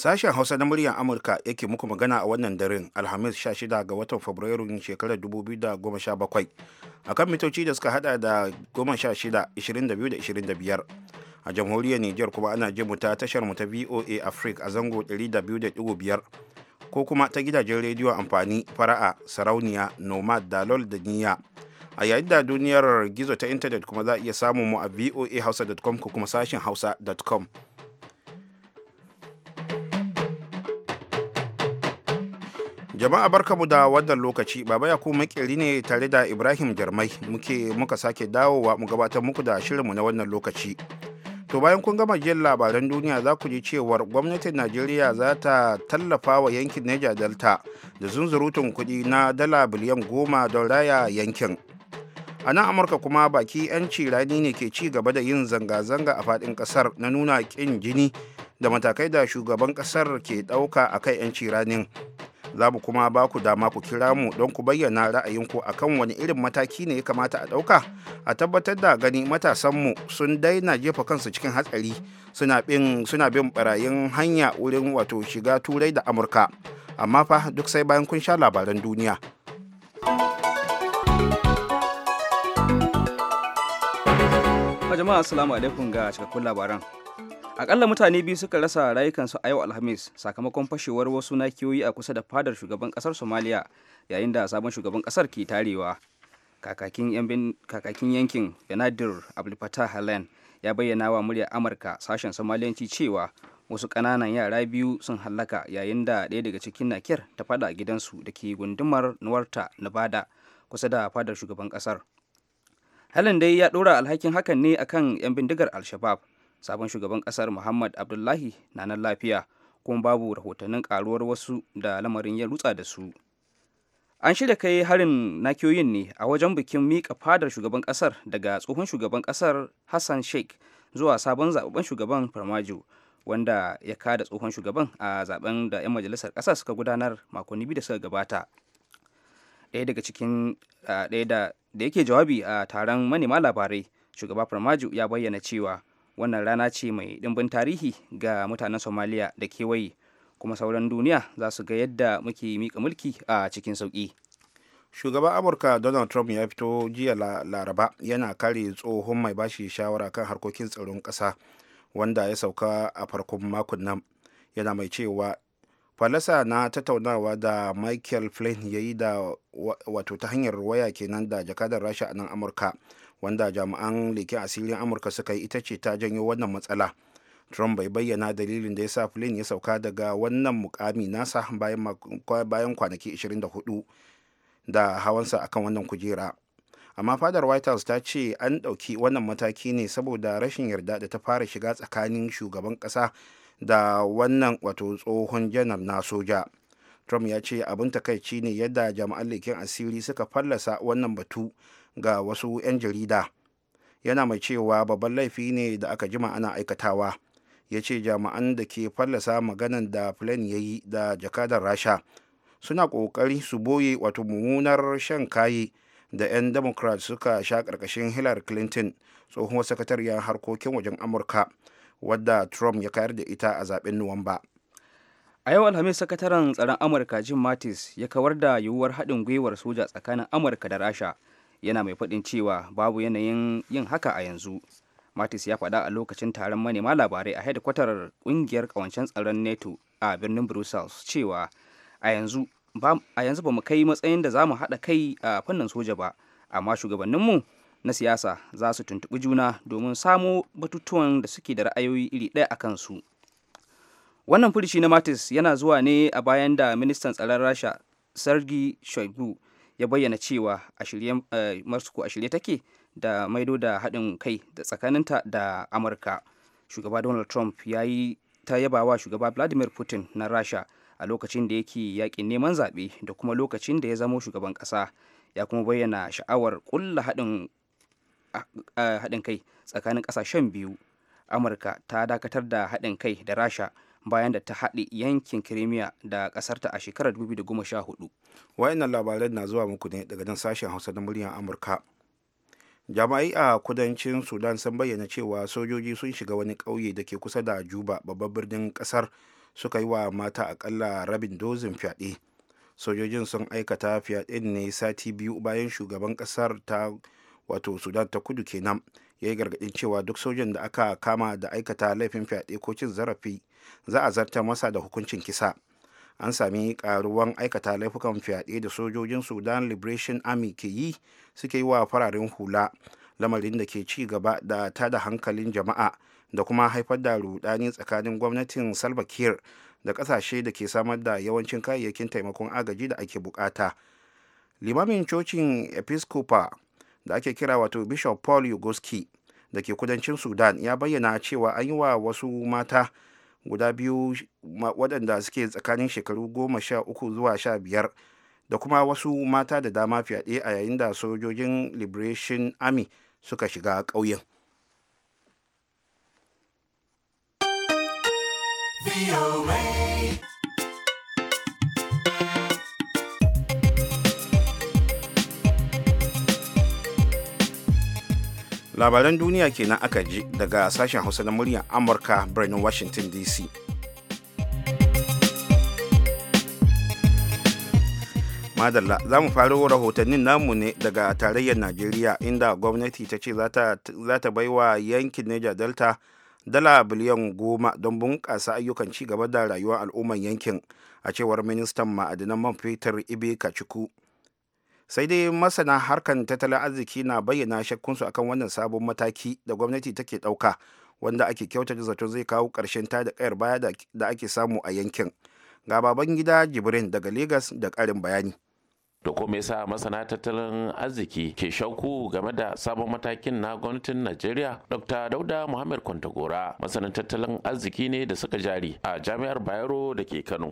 Sashen Hausa na muryar Amurka yake muku magana a wannan darin Alhamis 16 ga watan Fabrairun shekarar 2017 akan mitoci da suka hada da 16, 22 25. A jamhuriyar Nijar kuma ana jin mu ta tashar mu ta VOA Africa a zango 200.5 ko kuma ta gidajen rediyo amfani fara'a sarauniya nomad dalol da niyya a yayin da duniyar gizo ta intanet kuma za a iya samun mu a voahausa.com ko kuma sashen hausa.com. jama'a barkamu da wannan lokaci baba ya kuma kiri ne tare da ibrahim jarmai muke muka sake dawowa mu gabatar muku da shirinmu na wannan lokaci to bayan kun gama jin labaran duniya za ku ji cewar gwamnatin najeriya za ta tallafa wa yankin neja delta da zunzurutun kuɗi na dala biliyan goma don raya yankin a nan amurka kuma baki 'yanci rani ne ke ci gaba da yin zanga-zanga a faɗin ƙasar na nuna kin jini da matakai da shugaban ƙasar ke ɗauka a kai 'yanci ranin za mu kuma ba ku dama ku kira mu don ku bayyana ra'ayinku a kan wani irin mataki ne ya kamata a ɗauka a tabbatar da gani matasanmu sun daina jefa kansu cikin hatsari suna bin suna bin barayin hanya wurin wato shiga turai da amurka amma fa duk sai bayan kun sha labaran duniya jama'a assalamu alaikum ga cikakkun labaran akalla mutane biyu suka rasa rayukansu a yau alhamis sakamakon fashewar wasu nakiyoyi a kusa da fadar shugaban kasar somaliya yayin da sabon shugaban kasar ke tarewa kakakin yankin yanadir abdulfatah halen ya bayyana wa murya amurka sashen somaliyanci cewa wasu kananan yara biyu sun hallaka yayin da ɗaya daga cikin nakiyar ta fada a gidansu da ke gundumar nuwarta nevada kusa da fadar shugaban kasar halin dai ya ɗora alhakin hakan ne akan 'yan bindigar alshabab. sabon shugaban kasar muhammad abdullahi na nan lafiya kuma babu rahotannin karuwar wasu da lamarin ya rutsa da su an shirya kai harin nakiyoyin ne a wajen bikin miƙa fadar shugaban kasar daga tsohon shugaban kasar hassan sheikh zuwa sabon zaben shugaban farmajo wanda ya kada tsohon shugaban a zaben da 'yan majalisar kasar suka gudanar makonni biyu da suka gabata ɗaya daga cikin ɗaya da yake jawabi a taron manema labarai shugaba farmajo ya bayyana cewa wannan rana ce mai dimbin tarihi ga mutanen somaliya da kewaye kuma sauran duniya za su ga yadda muke mika mulki a cikin sauƙi shugaban amurka donald trump ya fito jiya laraba yana kare tsohon mai bashi shawara kan harkokin tsaron ƙasa wanda ya sauka a farkon makon nan yana mai cewa falasa na tattaunawa da michael flynn ya yi da wato ta hanyar waya kenan da jakadar rasha a nan amurka wanda jami'an leken asirin amurka suka yi ita ce ta janyo wannan matsala trump bai bayyana dalilin da ya sa flynn ya sauka daga wannan mukami nasa bayan kwanaki 24 da hawansa akan wannan kujera amma fadar white house ta ce an ɗauki wannan mataki ne saboda rashin yarda da ta fara shiga tsakanin shugaban ƙasa da wannan wato tsohon janar na soja trump ya ce abin takaici ne yadda jama'an leken asiri suka fallasa wannan batu ga wasu 'yan jarida yana mai cewa babban laifi ne da aka jima ana aikatawa ya ce jami'an da ke fallasa maganan da plan ya yi da jakadar rasha suna ƙoƙari su boye wato mummunar shan kayi da 'yan democrat suka sha ƙarƙashin hillary clinton tsohuwar sakatariyar harkokin wajen amurka wadda trump ya kayar da ita a zaben nuwamba a yau alhamis sakataren tsaron amurka jim mattis ya kawar da yiwuwar haɗin gwiwar soja tsakanin amurka da rasha yana mai faɗin cewa babu yanayin yin haka a yanzu matis ya faɗa a lokacin taron manema labarai a hedikwatar ƙungiyar ƙawancen tsaron neto a birnin brussels cewa a yanzu ba mu kai matsayin da za mu haɗa kai a fannin soja ba amma shugabanninmu na siyasa za su tuntuɓi juna domin samo batutuwan da suke da ra'ayoyi iri ɗaya a kansu wannan furishi na matis yana zuwa ne a bayan da ministan tsaron rasha sergi shoigu ya bayyana cewa a shirye eh, a shirye take da maido da haɗin kai da tsakaninta da amurka shugaba donald trump ya yi ta yabawa shugaba vladimir putin na rasha a lokacin da yake yakin neman zaɓe da kuma lokacin da ya zamo shugaban ƙasa ya kuma bayyana sha'awar ƙulla haɗin ah, ah, kai tsakanin ƙasashen biyu amurka ta dakatar da haɗin kai da rasha bayan da ta haɗe yankin kirimiya da ƙasarta a shekarar 2014 wayannan labarai na zuwa muku ne daga nan sashen hausa na muryar amurka jama'ai a kudancin sudan sun bayyana cewa sojoji sun shiga wani ƙauye da ke kusa da juba babban birnin ƙasar suka yi wa mata akalla rabin dozin fyaɗe sojojin sun aikata fyaɗe ne sati biyu bayan shugaban ƙasar ta wato sudan ta kudu kenan ya yi gargaɗin cewa duk sojan da aka kama da aikata laifin fyaɗe ko cin zarafi za a zartar masa da hukuncin kisa an sami karuwan aikata laifukan fyaɗe da sojojin sudan liberation army ke yi suke yi wa fararen hula lamarin da ke ci gaba da tada hankalin jama'a da kuma haifar da rudani tsakanin gwamnatin salva da kasashe da ke samar da yawancin kayayyakin taimakon agaji da ake bukata limamin cocin episcopa da ake kira wato bishop paul yugoski da ke kudancin sudan ya bayyana cewa an yi wa wasu mata guda biyu waɗanda suke tsakanin shekaru goma sha uku zuwa sha biyar da kuma wasu mata da dama fyaɗe a yayin da sojojin liberation army suka shiga ƙauyen VOA. labaran duniya kenan aka ji daga sashen hausa na muryar amurka birnin washington dc madalla za mu faro rahotannin namu ne daga tarayyar najeriya inda gwamnati ta ce za ta bai wa yankin niger delta dala biliyan goma don bunƙasa ayyukan ci gaba da rayuwar al'umman yankin a cewar ministan ma'adinan man fetur ibe kachuku sai dai masana harkan tattalin arziki na bayyana shakkunsu akan wannan sabon mataki da gwamnati take ɗauka wanda ake da zato zai kawo ƙarshen ta da ƙayar baya da ake samu a yankin ga baban gida jibrin daga lagos da ƙarin bayani da kuma yasa masana tattalin arziki ke shauku game da sabon matakin na gwamnatin Najeriya Dr. Dauda Muhammad Kwantagora masanin tattalin arziki ne da suka jari a Jami'ar Bayero da ke Kano.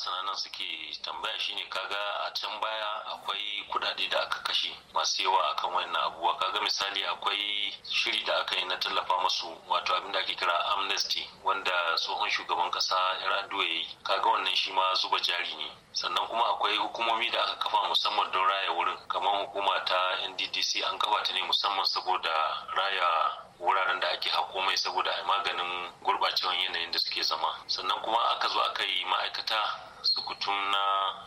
masana nan suke tambaya shine kaga a can baya akwai kudade da aka kashe masu yawa akan wannan abubuwa kaga misali akwai shiri da aka yi na tallafa masu wato abin da ake kira amnesty wanda tsohon shugaban kasa yar'adua ya yi kaga wannan shi ma zuba jari ne sannan kuma akwai hukumomi da aka kafa musamman don raya wurin kamar hukuma ta nddc an kafa ta ne musamman saboda raya wuraren da ake hako mai saboda maganin gurbacewan yanayin da suke zama sannan kuma aka zo aka yi ma'aikata sukutun na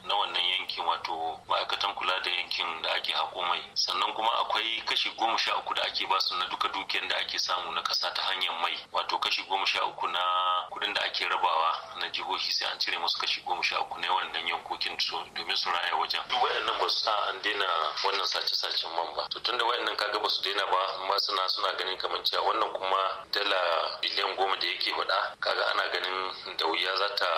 na wannan yankin wato ma'aikatan kula da yankin da ake haƙo mai sannan kuma akwai kashi goma sha uku da ake basu na duka dukiyar da ake samu na ƙasa ta hanyar mai wato kashi goma sha uku na kudin da ake rabawa na jihohi sai an cire musu kashi goma sha uku ne wannan yankokin su domin su raya wajen duk waɗannan ba su sa an daina wannan sace-sacen man ba to tunda waɗannan kaga ba su daina ba amma suna suna ganin kamar cewa wannan kuma dala biliyan goma da yake faɗa kaga ana ganin da wuya za ta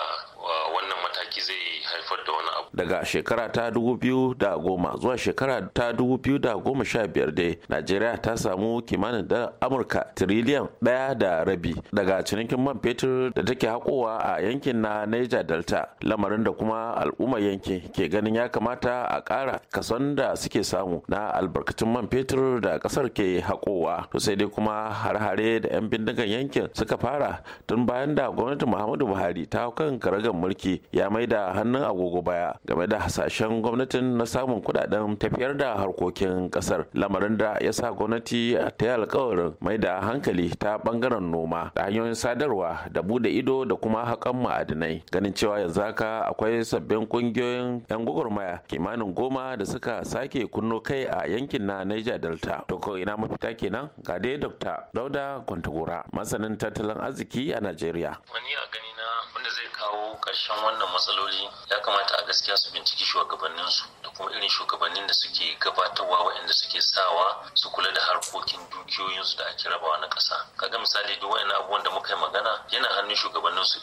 wannan mataki zai haifar da wani abu daga shekara ta dubu biyu da goma zuwa shekara ta dubu biyu da goma sha biyar dai najeriya ta samu kimanin da amurka tiriliyan ɗaya da rabi daga cinikin man fetur da take haƙowa a yankin na niger delta lamarin da kuma al'ummar yankin ke ganin ya kamata a ƙara kason da suke samu na albarkacin man fetur da ƙasar ke haƙowa to sai dai kuma har-hare da 'yan bindigan yankin suka fara tun bayan da gwamnati muhammadu buhari ta kan karagar mulki ya mai da hannun agogo baya game da hasashen gwamnatin na samun kuɗaɗen tafiyar da harkokin kasar lamarin da ya sa gwamnati ta yi alkawarin mai da hankali ta bangaren noma da hanyoyin sadarwa da bude ido da kuma haƙan ma'adinai ganin cewa yanzu haka akwai sabbin ƙungiyoyin 'yan gwagwarmaya kimanin goma da suka sake kunno kai a yankin na niger delta to ko ina mafita kenan ga dai dr dauda kwantagora masanin tattalin arziki a najeriya wani a gani na wanda zai kawo ƙarshen wannan matsaloli ya kamata a gaskiya su binciki shugabannin su, da kuma irin shugabannin da suke gabatarwa waɗanda suke sawa su kula da harkokin dukiyoyinsu da ake rabawa na ƙasa kaga misali duk wa'annan abubuwan da muka yi magana yana hannun su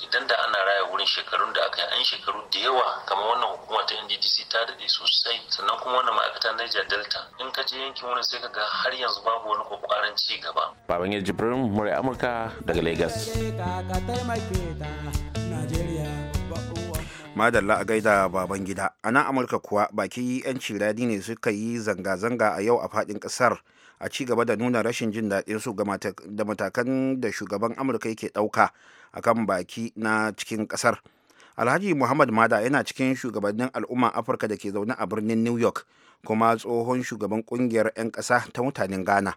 idan da ana raya wurin shekarun da aka yi an shekaru da yawa kamar wannan hukuma ta nddc ta daɗe sosai sannan kuma wannan ma'aikata niger delta in ka je yankin wurin sai ka ga har yanzu babu wani kwakwaran ci gaba baban ya jibrin murai amurka daga lagos madalla a gaida baban gida a nan amurka kuwa baki 'yanci ciradi ne suka yi zanga-zanga a yau a faɗin ƙasar a ci gaba da nuna rashin jin daɗin su da matakan da shugaban amurka yake ɗauka a kan baki na cikin ƙasar alhaji muhammad mada yana cikin shugabannin al'umma afirka da ke zaune a birnin new york kuma tsohon shugaban ƙungiyar 'yan ƙasa ta mutanen ghana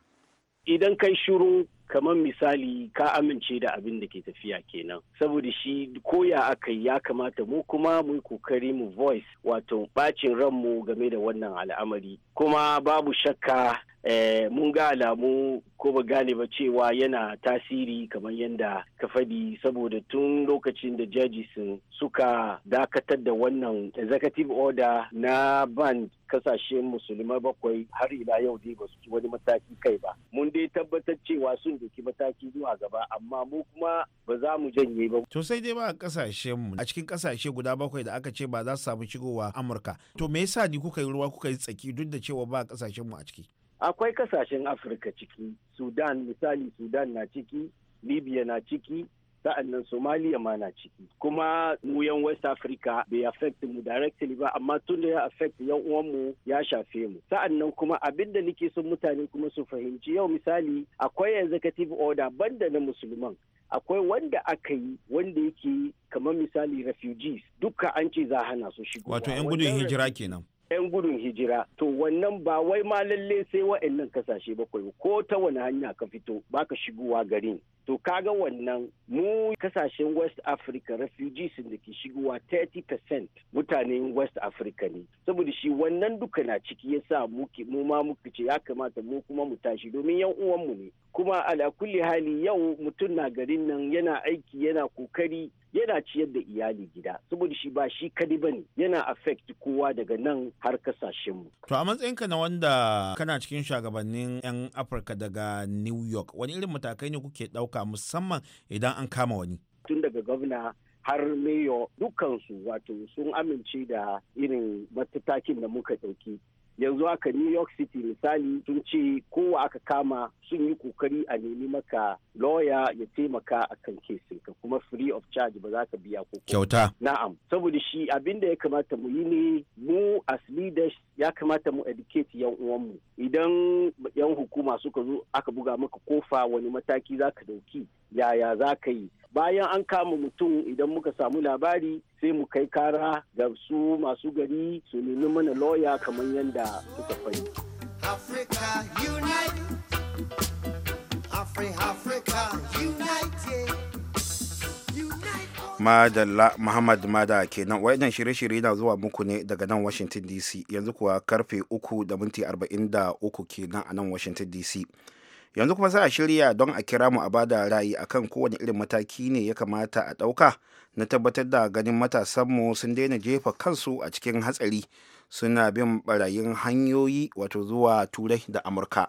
idan kai shiru kamar misali ka amince da abin da ke tafiya kenan saboda shi koya aka ya kamata mu kuma mu yi kokari mu voice wato bacin ranmu game da wannan al'amari kuma babu shakka Eh, mun ga alamu ko ba gane ba cewa yana tasiri kamar yadda ka fadi saboda tun lokacin da jajis suka dakatar da wannan executive order na ban kasashen musulmai bakwai har ila yau dai ba su ci wani mataki kai ba mun dai tabbatar cewa sun doki mataki zuwa gaba amma mu kuma ba za mu janye ba to sai dai ba kasashen mu a cikin kasashe guda bakwai da aka ce ba za su samu shigowa amurka to me yasa ni kuka yi ruwa kuka yi tsaki duk da cewa ba kasashen mu a ciki akwai kasashen afirka ciki sudan misali sudan na ciki libya na ciki sa'annan somaliya ma na ciki kuma mu yan west africa bai affect mu directly ba amma tun da ya affect yan uwanmu ya shafe mu sa'annan kuma abinda da nake son mutane kuma su fahimci yau misali akwai executive order banda na musulman akwai wanda aka yi wanda yake kamar misali refugees duka an ce za hana su shigo wato yan gudun hijira kenan 'yan gudun hijira to wannan ba wai ma lalle sai wa'annan kasashe bakwai ko ta wani hanya ka fito baka shigowa garin to kaga wannan mu kasashen west africa refugees da ke shigowa 30% mutanen west africa ne saboda shi wannan duka na ciki ya sa mu ma muka ce ya kamata mu kuma mu tashi domin yan uwanmu ne kuma ala kulli hali yau mutum na garin nan yana aiki yana kokari yana ciyar da iyali gida saboda shi ba shi kadi bane yana affect kowa daga nan har kasashen mu to a matsayinka na wanda kana cikin shugabannin yan afirka daga new york wani irin matakai ne kuke dauka musamman idan an kama wani tun daga gwamna har mayo dukkansu wato sun amince da irin matakin da muka ɗauki yanzu haka new york city misali sun ce kowa aka kama sun yi kokari a nemi maka lawyer ya taimaka a kan kesinka kuma free of charge ba za ka biya ko kyauta na'am saboda shi abin da ya kamata mu yi ne mu as leaders ya kamata mu educate yan uwanmu idan yan hukuma suka zo aka buga maka kofa wani mataki za ka dauki yaya za ka yi bayan an kama mutum idan muka samu labari sai mu kai kara ga su masu gari su nemi mana lawyer kamar yadda suka fari. Africa United. Africa United. madalla muhammad mada kenan waɗannan shirye-shirye na zuwa muku ne daga nan washington dc yanzu kuwa karfe 3 da minti 43 kenan a nan washington dc yanzu kuma sai a shirya don a kira mu a bada ra'ayi akan kowane irin mataki ne ya kamata a ɗauka na tabbatar da ganin matasanmu sun daina jefa kansu a cikin hatsari suna bin barayin hanyoyi wato zuwa turai da amurka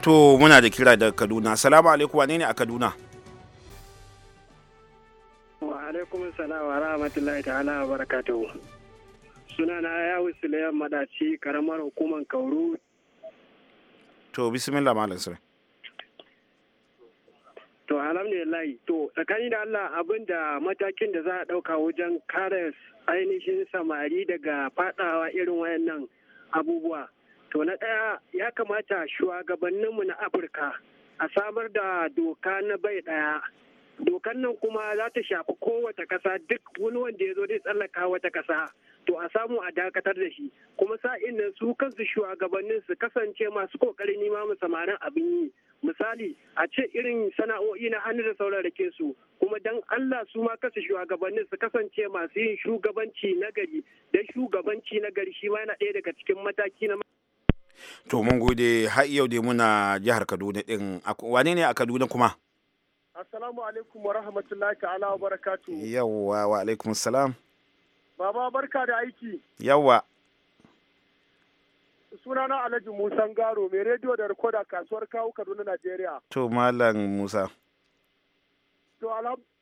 to muna da kira daga kaduna salamu alaikum wane ne a kaduna wa alaikum salam wa rahmatullahi ta'ala wa barakatuhu suna na yawu sulayan madaci karamar hukumar kauru to bismillah malam sir to alhamdulillah to tsakani da Allah abin da matakin da za a ɗauka wajen kare ainihin samari daga fadawa irin wayannan abubuwa To na ɗaya ya kamata shugabanninmu na Afirka a samar da doka na bai ɗaya. Dokan nan kuma za ta shafi kowace ƙasa duk wani wanda ya zo zai tsallaka wata ƙasa. To a samu a dakatar da shi kuma sa'in nan su kansu shugabannin su kasance masu ƙoƙarin nima samarin abin yi. misali a ce irin sana'o'i na hannu da sauran rake su kuma dan Allah su ma kasa shugabannin su kasance masu yin shugabanci na gari dan shugabanci na gari shi ma yana ɗaya daga cikin mataki na to mun gode har yau dai muna jihar kaduna din wane ne a kaduna kuma assalamu alaikum wa rahmatullahi ta'ala wa barakatu yawwa wa alaikum salam baba barka da aiki yawwa na alhaji musa garo mai rediyo da rikoda kasuwar kawo kaduna najeriya to malam musa to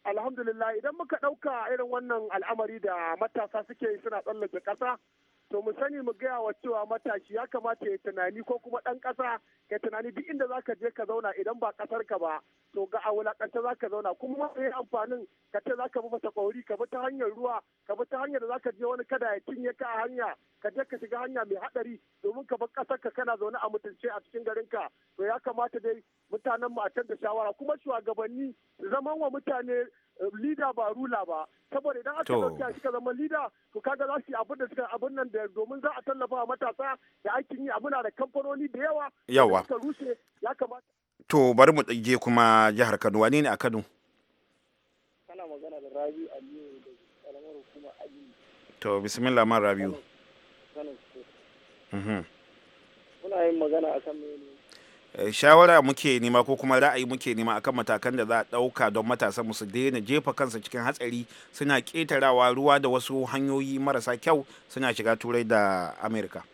alhamdulillah idan muka ɗauka irin wannan al'amari da matasa suke suna tsallake ƙasa to mu sani mu gaya wa cewa matashi ya kamata ya tunani ko kuma ɗan ƙasa ya tunani duk inda zaka je ka zauna idan ba ƙasar ka ba to ga a wulaƙanta zaka zauna kuma ma yi amfanin ka ce zaka bi mata ƙauri ka bi ta hanyar ruwa ka bi ta hanyar da zaka je wani kada ya cinye ka a hanya ka je ka shiga hanya mai haɗari domin ka bar ƙasar ka kana zaune a mutunce a cikin garin ka to ya kamata dai mutanen mu a canza shawara kuma shugabanni zaman wa mutane Eh, lida ba rula ba saboda idan aka dauke shi ka zama lida to kaga za su yi abin da suka abin nan da domin za a tallafa wa matasa da ake yi abin da kamfanoni da yawa yawa suka rushe ya kamata to bari mu je kuma jihar Kano wani ne a Kano kana magana da Rabi Aliyu da karamar hukumar Ali to bismillah man Rabiu Kano mhm kuna yin magana akan me ne Eh, shawara muke nema ko kuma ra'ayi muke nema akan matakan da za a ɗauka don matasan mu su daina jefa kansu cikin hatsari suna ƙetarawa ruwa da wasu hanyoyi marasa kyau suna shiga turai da amerika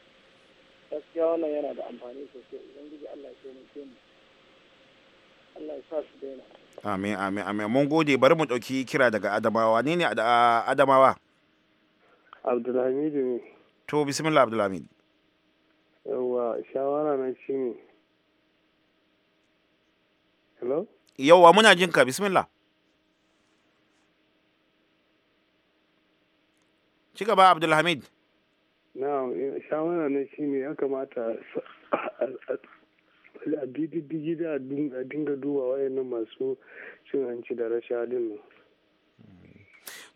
gaskiya wannan yana da amfani sosai idan gidi allah ya taimake mu allah ya sa su daina amin amin amin mun gode bari mu ɗauki kira daga adamawa ne ne adamawa abdulhamidu ne to bismillah abdulhamidu yawwa shawara na shi ne Hello? Yauwa muna jin ka bismillah. Ci gaba Abdulhamid. Na'am, eh, shawara na shi ne ya kamata a bididdigi a dinga duba wayannan masu cin hanci da rasha din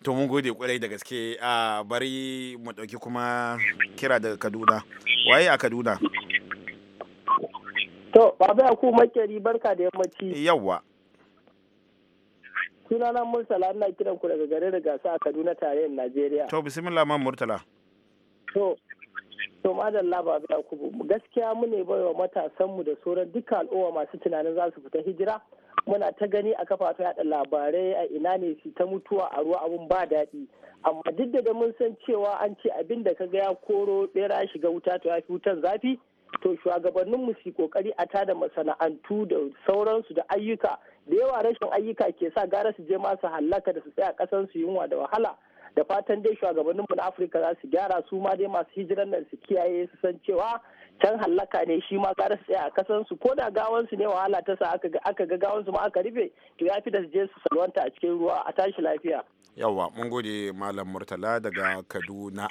To mun gode kwarai da gaske a ah, bari mu ɗauki kuma kira daga Kaduna. Waye a Kaduna? To, Baba yakubu Makeri barka da yammaci. Yawwa. Sunana Murtala ina kiran ku daga garin Rigasa a Kaduna tarayyar Najeriya. To, bismillah man Murtala. To, to madalla Yakubu, gaskiya mu ne baiwa matasanmu da sauran duka al'umma masu tunanin za su fita hijira. Muna ta gani a kafafen yada labarai a ina ne su ta mutuwa a ruwa abun ba daɗi. Amma duk da mun san cewa an ce abin da ka ga ya koro bera shiga wuta to ya fi wutan zafi. to shugabanninmu su kokari a tada masana'antu da sauransu da ayyuka da yawa rashin ayyuka ke sa gara su je masu hallaka da su tsaya kasan su yunwa da wahala da fatan dai shugabanninmu na afirka za su gyara su ma dai masu hijiran nan su kiyaye su san cewa can hallaka ne shi ma gara su tsaya a kasan su ko da gawan su ne wahala ta sa aka ga aka ga gawan su ma aka rufe to ya fi da su je su salwanta a cikin ruwa a tashi lafiya yawa mun gode malam murtala daga kaduna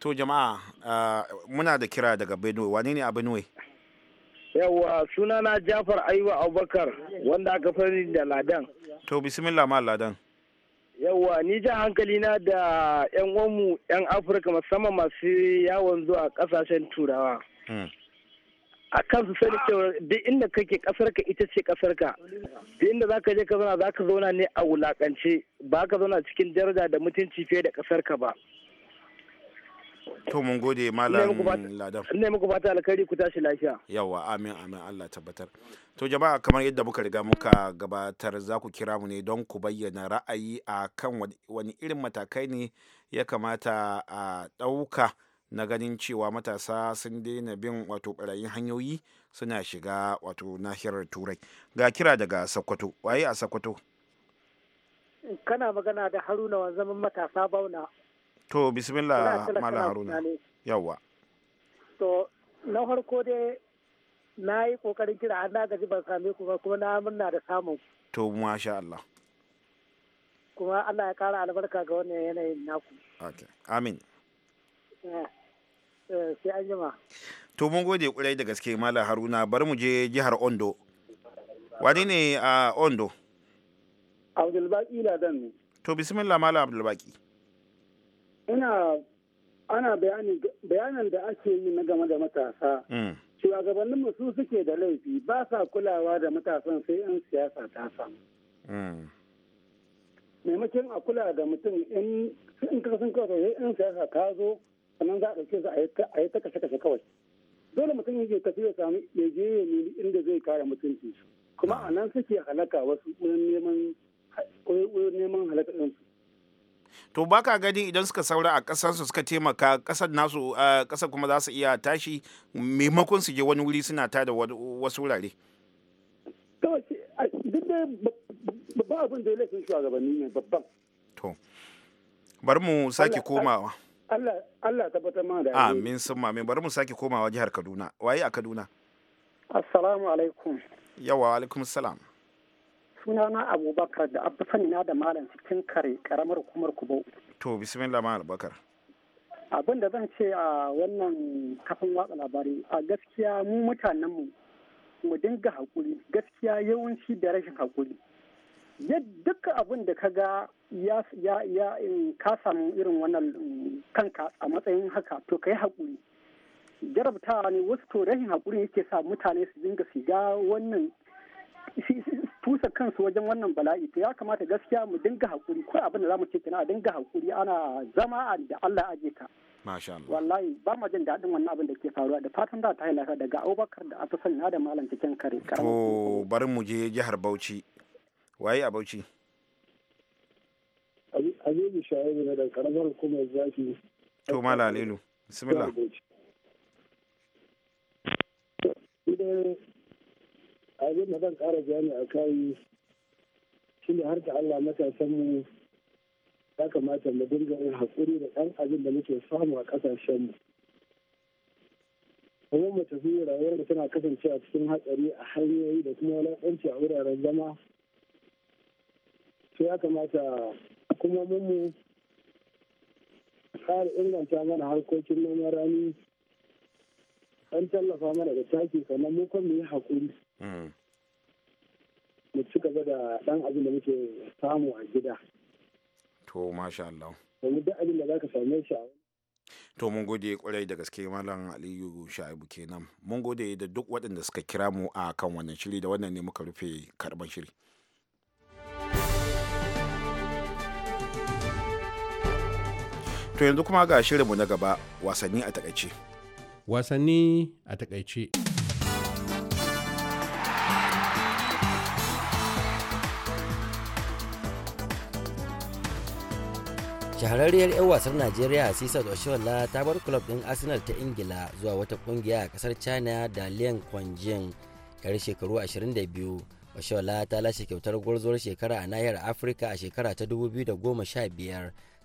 to jama'a eh, muna da kira daga benue wani ne a benue yawwa sunana jafar Aiwa abubakar wanda aka fari da ladan to bismillah ma ladan yawwa ni ja hankali na da yan uwanmu yan afirka musamman masu yawon zuwa kasashen turawa hmm. a kan su sani cewa duk inda kake kasar ka ita ce kasar ka duk inda zaka je ka zauna zaka zauna ne a wulakance ba ka zauna cikin daraja da mutunci fiye da kasar ka ba to mun gode malam ladan ne muku fata alkhairi ku tashi lafiya yawa amin amin Allah tabbatar to jama'a kamar yadda muka riga muka gabatar za ku kira mu ne don ku bayyana ra'ayi a kan wani irin matakai ne ya kamata a ɗauka na ganin cewa matasa sun daina bin wato ɓarayin hanyoyi suna shiga wato nahiyar turai ga kira daga sokoto waye a sokoto kana magana da haruna wanzamin matasa bauna to bismillah malam haruna yawa to na farko dai na yi kokarin kira an na gaji ban same ku ba kuma na murna da samun to masha Allah kuma Allah ya kara albarka ga wannan yanayin naku okay amin eh, eh, sai an jima to mun gode kurai da gaske malam haruna bar mu je jihar ondo wani ne a ah, ondo abdulbaki ladan ne to bismillah malam abdulbaki ina ana bayanan da ake yi na game da matasa mm. shugabannin su suke da laifi ba sa kulawa da matasan sai 'yan siyasa ta samu mm. maimakon a kula da mutum in ka sun kawai 'yan siyasa ka zo sannan za a ɗauke su a yi ta kashe-kashe kawai dole mutum yake tafi ya samu ya je ya nemi inda zai kare mutunci kuma mm. a nan suke halaka wasu wurin neman halaka ɗinsu to baka gani idan suka saura a ƙasar su suka taimaka ƙasar nasu ƙasar kuma za su iya tashi maimakon su je wani wuri suna ta da wasu wurare bari mu sake komawa Allah Allah tabbatar ma da amin sun mamin bari mu sake komawa jihar Kaduna waye a Kaduna assalamu alaikum yawa alaikum salam sunana abubakar da abu sanina da malam cikin kare karamar hukumar kubo to bismillah ma abubakar abin da zan ce a wannan kafin watsa labarai a gaskiya mu mutanen mu mu dinga hakuri gaskiya yawanci da rashin hakuri duk abin da ka ga ya ka samu irin wannan mm, kanka a matsayin haka to ka yi hakuri jarabtawa ne wasu to rashin hakuri yake sa mutane su dinga shiga wannan fusa kansu wajen wannan bala'i to ya kamata gaskiya mu dinga hakuri ko abin da zamu ce kina dinga hakuri ana zama da Allah aje ka masha Allah wallahi ba ma jin daɗin wannan abin da ke faruwa da fatan da ta yi lafiya daga Abubakar da aka sani da malam cikin kare to bari mu je jihar Bauchi waye a Bauchi Azizu Shaibu ne da karamar kuma zaki to Alilu bismillah abin da zan ƙara bayani a kayi shi ne har ta Allah mu ya kamata mu dinga yin haƙuri da ɗan abin da muke samu a ƙasashen mu. Kuma mu tafi rayuwar da tana kasancewa cikin hatsari a hanyoyi da kuma ɗanci a wuraren zama. Sai ya kamata kuma mu ƙara inganta mana harkokin noman rani an tallafa mana da taki sannan mu kuma mu yi haƙuri. mu ci gaba da dan abin da muke samu a gida to masha Allah wani duk abin da zaka same shi a to mun gode kwarai da gaske malam aliyu sha'ibu kenan mun gode da duk waɗanda suka kira mu a kan wannan shiri da wannan ne muka rufe karban shiri to yanzu kuma ga shirinmu na gaba wasanni a takaice wasanni a takaice shahararriyar 'yan wasan najeriya sisa oshola ta bar club din arsenal ta ingila zuwa wata kungiya a kasar china da lian kwanjin yar shekaru 22 oshola ta lashe kyautar gwarzuwar shekara a nahiyar afirka a shekara ta 2015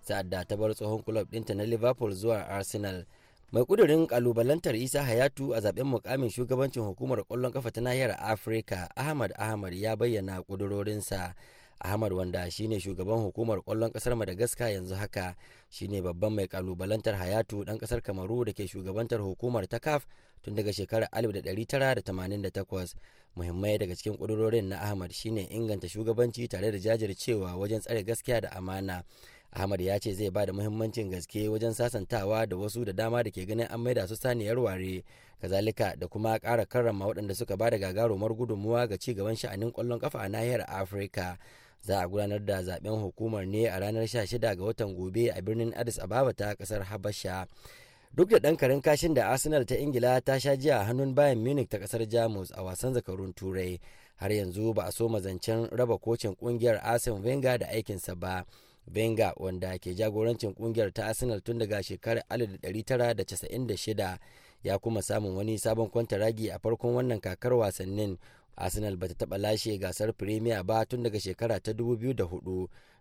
sa'ad da ta bar tsohon club dinta na liverpool zuwa arsenal mai kudurin kalubalantar isa hayatu a zaben mukamin shugabancin hukumar kwallon kafa ta nahiyar afirka ahmad ahmad ya bayyana kudurorinsa ahmad wanda shine shugaban hukumar kwallon kasar madagascar yanzu haka shine babban mai kalubalantar hayatu dan kasar kamaru da ke shugabantar hukumar ta caf tun daga shekarar 1988 muhimmai daga cikin kudurorin na ahmad shine inganta shugabanci tare da jajircewa wajen tsare gaskiya da amana ahmad ya ce zai ba da muhimmancin gaske wajen sasantawa da wasu da dama da ke ganin an maida su saniyar ware kazalika da kuma kara karrama waɗanda suka ba da gagarumar gudunmuwa ga ci gaban sha'anin kwallon kafa a nahiyar afirka za a gudanar da zaben hukumar ne a ranar 16 ga watan gobe a birnin addis ababa ta kasar habasha duk da ɗan karin kashin da arsenal ta ingila ta sha jiya a hannun bayan munich ta kasar jamus a wasan zakarun turai har yanzu ba a so mazancen raba kocin kungiyar arsene wenger da aikinsa ba wenger wanda ke jagorancin kungiyar ta arsenal tun daga shekarar 1996 ya kuma samun wani sabon kwantaragi a farkon wannan kakar wasannin arsenal bata taɓa lashe gasar premier ba tun daga shekara ta 2004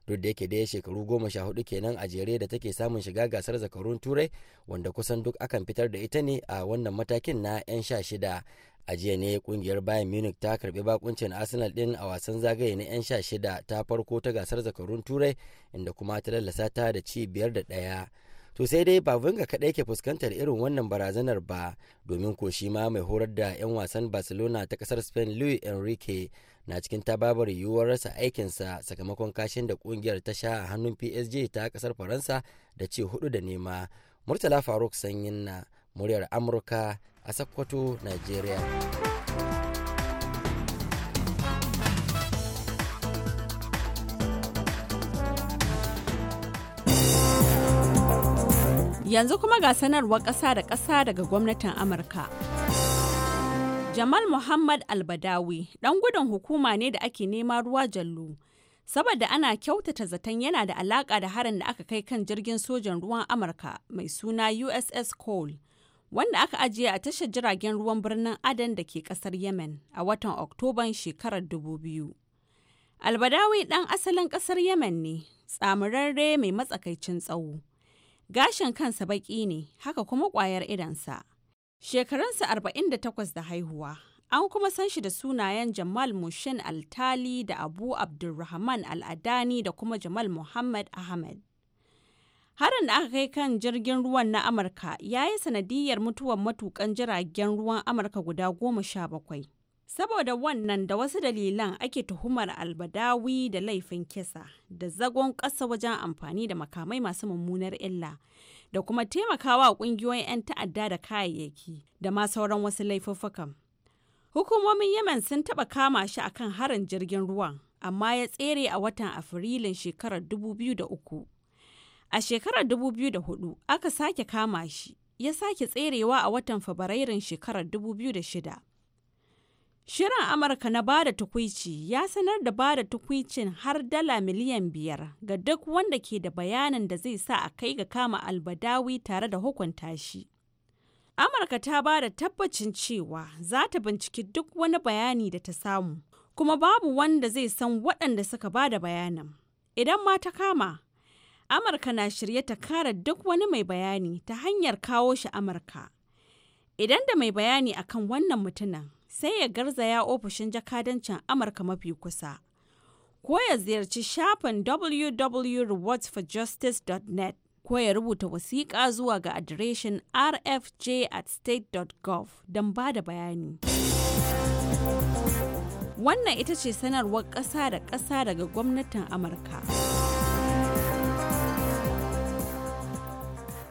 duk da yake daya shekaru goma sha hudu kenan a jere da take samun shiga gasar zakarun turai wanda kusan duk akan fitar da ita ne a wannan matakin na 'yan sha shida a jiya ne kungiyar bayan munich ta karbi bakuncin arsenal din a wasan zagaye na 'yan sha shida ta farko ta gasar zakarun turai inda kuma ta lallasa ta da ci biyar da ɗaya to sai dai ba vinga kaɗai ke fuskantar irin wannan barazanar ba domin ko shi ma mai horar da 'yan wasan Barcelona ta ƙasar Spain Luis Enrique na cikin tababar yiwuwar rasa aikinsa sakamakon kashin da ƙungiyar ta sha a hannun PSG ta ƙasar Faransa da ce hudu da nema. Murtala Faruk Sanyin na muryar Amurka a Sokoto, Nigeria. Yanzu kuma ga sanarwar ƙasa da ƙasa daga gwamnatin Amurka. Jamal Muhammad Albadawi ɗan gudun hukuma ne da ake nema ruwa Jallu, Saboda ana kyautata zaton yana da alaƙa da harin da aka kai kan jirgin sojan ruwan Amurka mai suna USS Cole, wanda aka ajiye a tashar jiragen ruwan birnin Adan da ke ƙasar Yemen a watan Oktoban shekarar 2000. Albadawi ɗan asalin ƙasar Yemen ne, tsamurarre mai matsakaicin tsawo. Gashin kansa baƙi ne, haka kuma kwayar idansa. Shekarunsa 48 da haihuwa. An kuma san shi da sunayen Jamal Mushin Altali da Abu Abdulrahman Al'adani da kuma Jamal Muhammad Ahmed. Harin da aka kai kan jirgin ruwan na Amurka ya yi sanadiyar mutuwar matukan jiragen ruwan Amurka guda goma sha bakwai. Saboda wannan da wasu dalilan ake tuhumar albadawi da laifin kisa da zagon ƙasa wajen amfani da makamai masu mummunar illa da kuma taimakawa ƙungiyoyin 'yan ta'adda da kayayyaki da ma sauran wasu laifuffukan. Hukumomin Yemen sun taɓa kama shi akan harin jirgin ruwan, amma ya tsere a watan Afrilun shekarar 2003. A shekarar 2004 aka sake kama shi, ya sake tserewa a watan Fabrairun shekarar 2006. Shirin Amurka na bada tukwici ya sanar da bada tukwicin har dala miliyan biyar ga duk wanda ke da bayanin da zai sa a kai ga kama albadawi tare da hukunta shi. Amurka ta ba da tabbacin cewa za ta binciki duk wani bayani da ta samu, kuma babu wanda zai san waɗanda suka ba da bayanin. Idan ma ta kama, Amurka na shirye ta kare duk wani mai bayani ta hanyar kawo shi Amurka. Idan da mai bayani akan wannan mutumin sai ya garzaya ofishin jakadancin Amurka mafi kusa. Ko ya ziyarci shafin www.rewardsforjustice.net ko ya rubuta wasiƙa zuwa ga adireshin rfj at state.gov don ba da bayani. Wannan ita ce sanarwar ƙasa da ƙasa daga gwamnatin Amurka.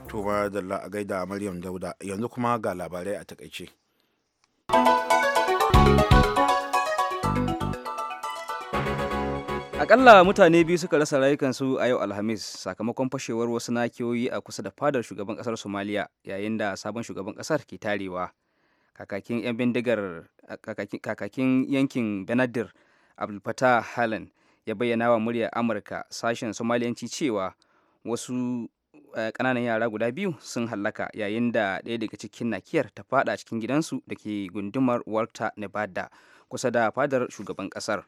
tuba da da Maryam Dauda yanzu kuma ga labarai a takaice. akalla mutane biyu suka rasa rayukansu a yau alhamis sakamakon fashewar wasu nakiyoyi a kusa da fadar shugaban kasar somalia yayin da sabon shugaban kasar ke tarewa kakakin yan bindigar kakakin yankin benadir abdulfatah halen ya bayyana wa murya amurka sashen somaliyanci cewa wasu kananan eh, yara guda biyu sun hallaka yayin da ɗaya daga cikin nakiyar ta fada cikin gidansu da ke gundumar walter nevada kusa da fadar shugaban kasar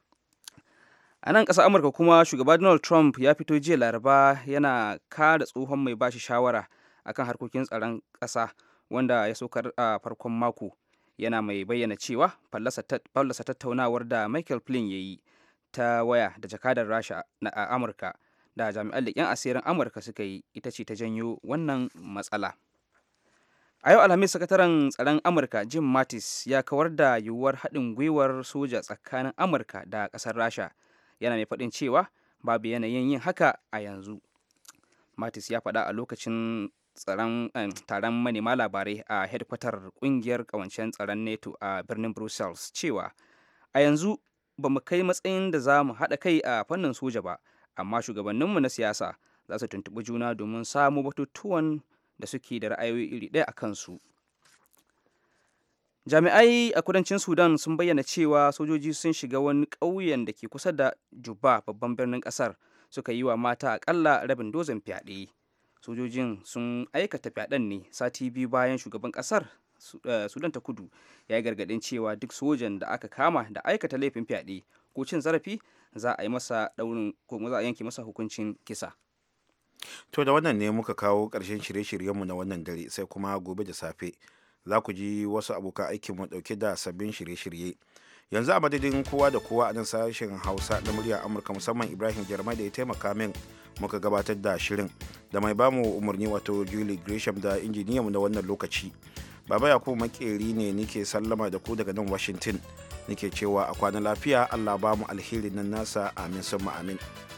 a nan ƙasar amurka kuma shugaba donald trump ya fito jiya laraba yana kada tsohon mai bashi shawara akan harkokin tsaron ƙasa wanda ya saukar a farkon mako yana mai bayyana cewa fallasa tattaunawar da michael flynn ya yi ta waya da jakadar rasha na amurka da jami'an leƙen asirin amurka suka yi ita ce ta janyo wannan matsala a yau alhamis sakataren tsaron amurka jim mattis ya kawar da yiwuwar haɗin gwiwar soja tsakanin amurka da ƙasar rasha yana mai faɗin cewa babu yanayin yin haka a yanzu matis ya faɗa a lokacin taron manema labarai a hedkwatar ƙungiyar ƙawancen tsaron neto a birnin brussels cewa a yanzu ba mu kai matsayin da za mu haɗa kai a fannin soja ba amma shugabanninmu na siyasa za su tuntuɓi juna domin samu batutuwan da suke da ra'ayoyi iri ɗaya a kansu jami'ai a kudancin sudan sun bayyana cewa sojoji sun shiga wani ƙauyen da ke kusa da juba babban birnin ƙasar suka yi wa mata akalla rabin dozin fyaɗe sojojin sun aikata fyaɗen ne sati biyu bayan shugaban ƙasar eh, sudan ta kudu ya yi gargaɗin cewa duk sojan da aka kama da aikata laifin fyaɗe ko cin zarafi za a yi masa ko za a yanke masa hukuncin kisa to da wannan ne muka kawo ƙarshen shirye-shiryenmu na wannan dare sai kuma gobe da safe za ku ji wasu abokan aikin mu dauke da sabbin shirye-shirye yanzu a madadin kowa da kowa a nan sashen hausa na muryar amurka musamman ibrahim jarmai da ya taimaka min muka gabatar da shirin da mai bamu umarni wato julie gresham da injiniyanmu na wannan lokaci baba yakubu makeri ne nike sallama da ku daga nan washington nike cewa a kwana lafiya allah bamu alheri nan nasa amin sun amin.